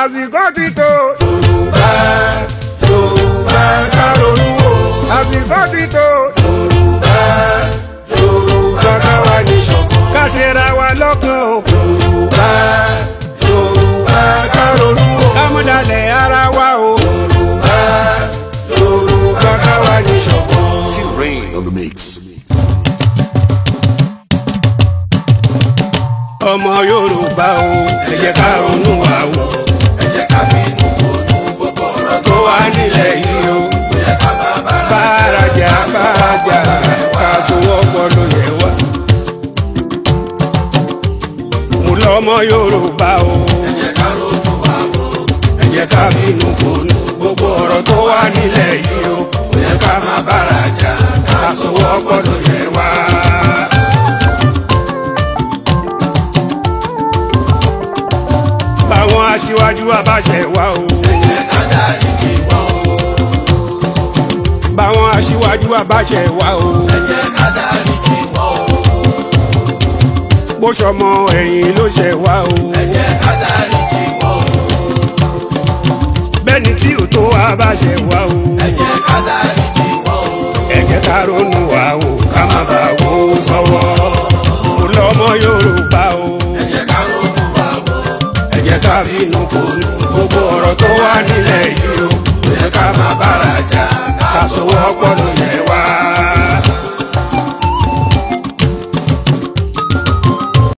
àsìkò ti tó. yorùbá yorùbá ká ronú wò. àsìkò ti tó. yorùbá yorùbá ká wà ní ṣọ̀kan. ká ṣera wa lọ́kàn o. yorùbá yorùbá ká ronú wò. ká mú dalẹ̀ ara wa o. yorùbá yorùbá ká wà ní ṣọ̀kan. ti rain on the mix. ọmọ yorùbá o ẹ jẹ́ ká ronú o. ọmọ Yorùbá o. ẹ jẹ́ ká ronú wá o ẹ jẹ́ ká fínú fònú gbogbo ọ̀rọ̀ tó wà nílẹ̀ yìí o kò yẹ ká má bára jà ká sọwọ́ gbọ́dọ̀ yẹ wá. báwọn aṣíwájú abáṣẹ wa o. ẹ jẹ́ ká dárí jì wá o. báwọn aṣíwájú abáṣẹ wa o. ẹ ká dárí bó ṣọmọ ẹ̀yìn ló ṣe wá o. ẹ jẹ́ ká dáríjì wọ́n o. bẹ́ẹ̀ni tí ò tó wá bá ṣe wá o. ẹ jẹ́ ká dáríjì wọ́n o. ẹ jẹ́ ká ronú wa o ká má bà wó sọ́wọ́. mo lọ́mọ Yorùbá o. ẹ ká ronú wa o. ẹ jẹ́ ká finú kòlù gbogbo ọ̀rọ̀ tó wà nílẹ̀ yìí o. ẹ ká má bára jà ká sọ wọ́pọ̀ lóye.